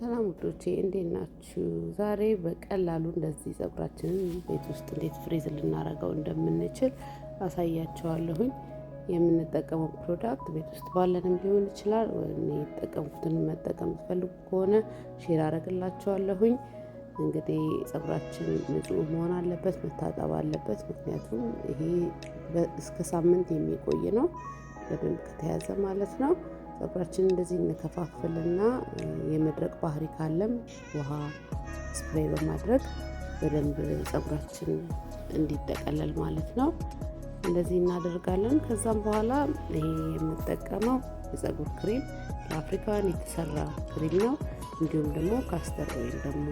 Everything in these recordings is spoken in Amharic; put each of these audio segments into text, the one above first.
ሰላም ውዶቼ እንዴት ናችሁ? ዛሬ በቀላሉ እንደዚህ ፀጉራችንን ቤት ውስጥ እንዴት ፍሬዝ ልናረገው እንደምንችል አሳያቸዋለሁኝ። የምንጠቀመው ፕሮዳክት ቤት ውስጥ ባለንም ሊሆን ይችላል። የተጠቀምኩትን መጠቀም ትፈልጉ ከሆነ ሼር አረግላቸዋለሁኝ። እንግዲህ ጸጉራችን ንጹህ መሆን አለበት፣ መታጠብ አለበት። ምክንያቱም ይሄ እስከ ሳምንት የሚቆይ ነው፣ በደንብ ከተያዘ ማለት ነው። ፀጉራችንን እንደዚህ እንከፋፍልና የመድረቅ ባህሪ ካለም ውሃ ስፕሬይ በማድረግ በደንብ ፀጉራችን እንዲጠቀለል ማለት ነው። እንደዚህ እናደርጋለን። ከዛም በኋላ ይሄ የምጠቀመው የፀጉር ክሬም ለአፍሪካውያን የተሰራ ክሬም ነው። እንዲሁም ደግሞ ካስተር ወይም ደግሞ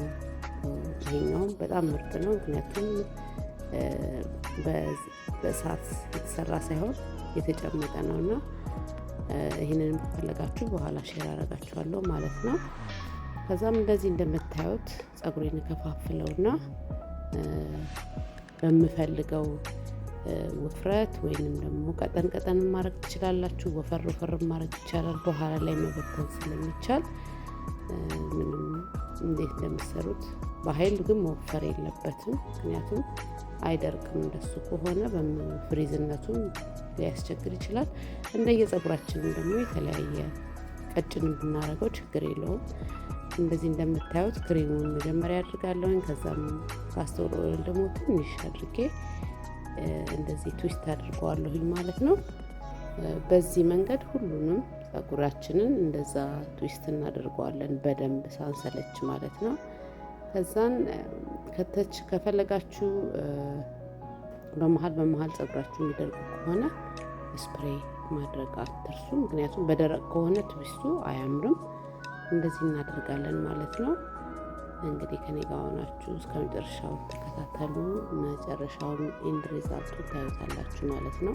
ይሄኛውም በጣም ምርጥ ነው። ምክንያቱም በእሳት የተሰራ ሳይሆን የተጨመቀ ነውና ይህንንም ከፈለጋችሁ በኋላ ሼር አረጋችኋለሁ ማለት ነው። ከዛም እንደዚህ እንደምታዩት ጸጉሬን ከፋፍለውና በምፈልገው ውፍረት ወይንም ደግሞ ቀጠን ቀጠን ማድረግ ትችላላችሁ። ወፈር ወፈር ማድረግ ይቻላል። በኋላ ላይ መበተን ስለሚቻል ምንም እንዴት እንደምሰሩት በኃይል ግን መወፈር የለበትም። ምክንያቱም አይደርቅም። እንደሱ ከሆነ በፍሪዝነቱም ሊያስቸግር ይችላል። እንደየጸጉራችንም ደግሞ የተለያየ ቀጭን ብናደርገው ችግር የለውም። እንደዚህ እንደምታዩት ክሬሙን መጀመሪያ አድርጋለሁኝ። ከዛም ካስተር ኦይል ደግሞ ትንሽ አድርጌ እንደዚህ ትዊስት አድርገዋለሁኝ ማለት ነው። በዚህ መንገድ ሁሉንም ጸጉራችንን እንደዛ ትዊስት እናደርገዋለን በደንብ ሳንሰለች ማለት ነው። ከዛን ከተች ከፈለጋችሁ በመሀል በመሀል ጸጉራችሁ የሚደርጉ ከሆነ ስፕሬይ ማድረግ አትርሱ። ምክንያቱም በደረቅ ከሆነ ትዊስቱ አያምርም። እንደዚህ እናደርጋለን ማለት ነው። እንግዲህ ከኔ ጋር ሆናችሁ እስከ መጨረሻው ተከታተሉ። መጨረሻውን ኢንድ ሪዛልቱ ታዩታላችሁ ማለት ነው።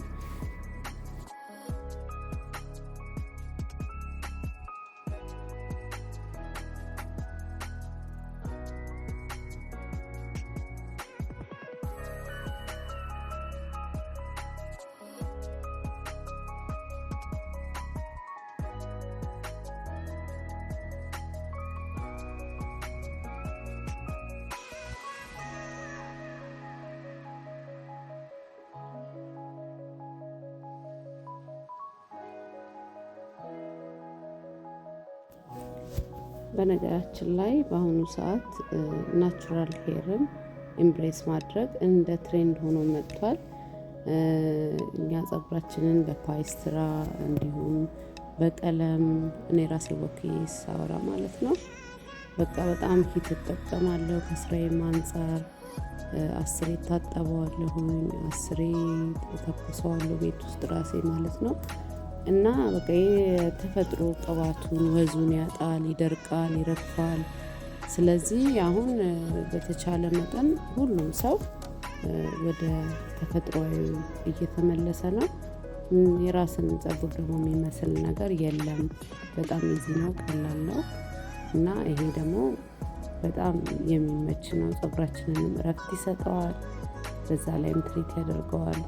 በነገራችን ላይ በአሁኑ ሰዓት ናቹራል ሄርን ኢምብሬስ ማድረግ እንደ ትሬንድ ሆኖ መጥቷል። እኛ ጸጉራችንን በፓይስትራ እንዲሁም በቀለም እኔ ራሴ ወክ ሳወራ ማለት ነው በቃ በጣም ሂት እጠቀማለሁ። ከስራዬም አንጻር አስሬ እታጠበዋለሁኝ፣ አስሬ ተተኩሰዋለሁ ቤት ውስጥ ራሴ ማለት ነው። እና በቃ የተፈጥሮ ቅባቱን ወዙን ያጣል፣ ይደርቃል፣ ይረግፋል። ስለዚህ አሁን በተቻለ መጠን ሁሉም ሰው ወደ ተፈጥሯዊ እየተመለሰ ነው። የራስን ጸጉር ደግሞ የሚመስል ነገር የለም። በጣም ኢዚ ነው፣ ቀላል ነው እና ይሄ ደግሞ በጣም የሚመች ነው። ጸጉራችንንም እረፍት ይሰጠዋል። በዛ ላይም ትሪት ያደርገዋል።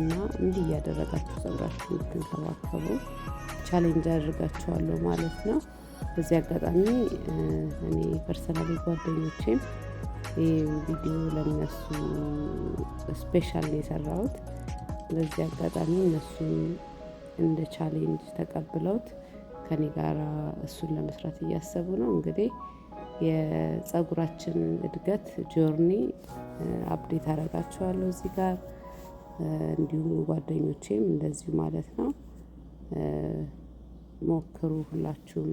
እና እንዲህ እያደረጋችሁ ፀጉራችሁ እንድትንከባከቡ ቻሌንጅ አድርጋችኋለሁ ማለት ነው። በዚህ አጋጣሚ እኔ ፐርሰናሊ ጓደኞቼም ይህ ቪዲዮ ለእነሱ ስፔሻል ነው የሰራሁት። በዚህ አጋጣሚ እነሱን እንደ ቻሌንጅ ተቀብለውት ከኔ ጋር እሱን ለመስራት እያሰቡ ነው። እንግዲህ የፀጉራችን እድገት ጆርኒ አፕዴት አደርጋችኋለሁ እዚህ ጋር እንዲሁም ጓደኞቼም እንደዚሁ ማለት ነው። ሞክሩ ሁላችሁም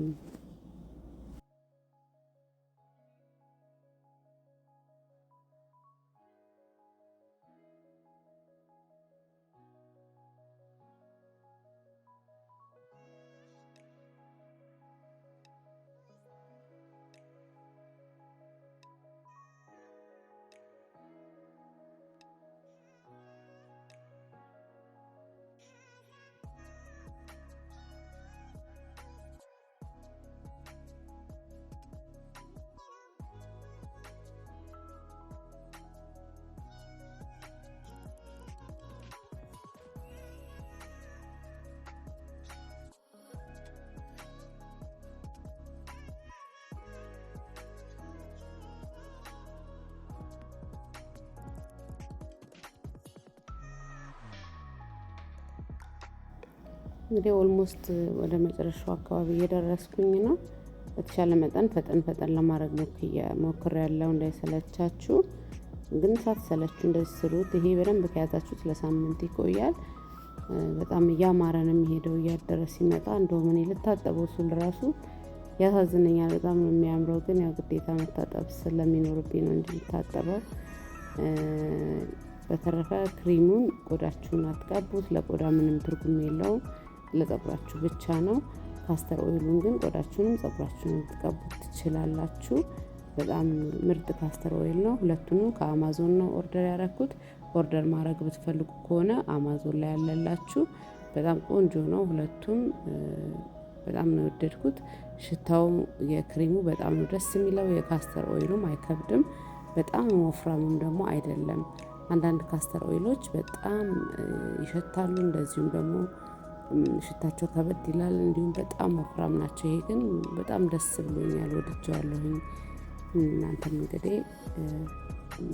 እንግዲህ ኦልሞስት ወደ መጨረሻው አካባቢ እየደረስኩኝ ነው። በተሻለ መጠን ፈጠን ፈጠን ለማድረግ ሞክሬ ያለው እንዳይሰለቻችሁ፣ ግን ሳትሰለችሁ እንደዚህ ስሩት። ይሄ በደንብ ከያዛችሁት ለሳምንት ይቆያል። በጣም እያማረ ነው የሚሄደው እያደረ ሲመጣ። እንደውም እኔ ልታጠበው ሱል ራሱ ያሳዝነኛል። በጣም ነው የሚያምረው፣ ግን ያው ግዴታ መታጠብ ስለሚኖርብኝ ነው እንጂ ልታጠበው። በተረፈ ክሪሙን ቆዳችሁን አትቀቡት፣ ለቆዳ ምንም ትርጉም የለውም። ለጸጉራችሁ ብቻ ነው። ካስተር ኦይሉን ግን ቆዳችሁንም ጸጉራችሁንም ልትቀቡት ትችላላችሁ። በጣም ምርጥ ካስተር ኦይል ነው። ሁለቱንም ከአማዞን ነው ኦርደር ያረኩት። ኦርደር ማድረግ ብትፈልጉ ከሆነ አማዞን ላይ ያለላችሁ። በጣም ቆንጆ ነው። ሁለቱም በጣም ነው የወደድኩት። ሽታው የክሪሙ በጣም ነው ደስ የሚለው። የካስተር ኦይሉም አይከብድም። በጣም ወፍራሙም ደግሞ አይደለም። አንዳንድ ካስተር ኦይሎች በጣም ይሸታሉ፣ እንደዚሁም ደግሞ ሽታቸው ከበድ ይላል። እንዲሁም በጣም ወፍራም ናቸው። ይሄ ግን በጣም ደስ ብሎኛል፣ ወድጀዋለሁኝ። እናንተም እንግዲህ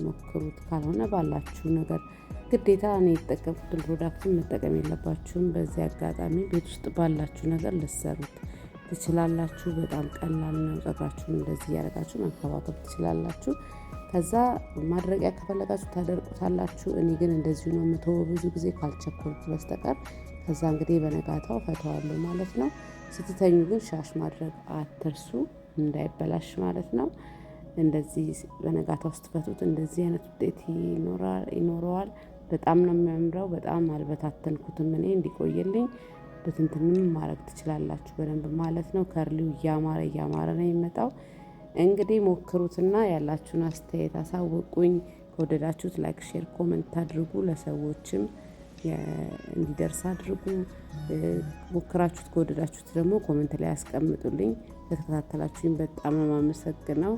ሞክሩት። ካልሆነ ባላችሁ ነገር ግዴታ እኔ የተጠቀምኩትን ፕሮዳክትን መጠቀም የለባችሁም። በዚህ አጋጣሚ ቤት ውስጥ ባላችሁ ነገር ልሰሩት ትችላላችሁ። በጣም ቀላል ነው። ጸጉራችሁን እንደዚህ እያደረጋችሁ መንከባከብ ትችላላችሁ። ከዛ ማድረቂያ ከፈለጋችሁ ታደርቁታላችሁ። እኔ ግን እንደዚሁ ነው የምተወው ብዙ ጊዜ ካልቸኮልኩ በስተቀር ከዛ እንግዲህ በነጋታው ፈተዋሉ ማለት ነው። ስትተኙ ግን ሻሽ ማድረግ አትርሱ እንዳይበላሽ ማለት ነው። እንደዚህ በነጋታው ስትፈቱት እንደዚህ አይነት ውጤት ይኖረዋል። በጣም ነው የሚያምረው። በጣም አልበታተንኩትም እኔ እንዲቆይልኝ በትንትንም ማድረግ ትችላላችሁ በደንብ ማለት ነው። ከርሊው እያማረ እያማረ ነው የሚመጣው። እንግዲህ ሞክሩትና ያላችሁን አስተያየት አሳውቁኝ። ከወደዳችሁት ላይክ፣ ሼር፣ ኮመንት አድርጉ ለሰዎችም እንዲደርስ አድርጉ። ሞክራችሁት ከወደዳችሁት ደግሞ ኮመንት ላይ ያስቀምጡልኝ። ለተከታተላችሁኝ በጣም ነው የማመሰግነው።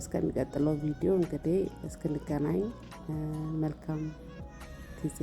እስከሚቀጥለው ቪዲዮ እንግዲህ እስክንገናኝ መልካም ጊዜ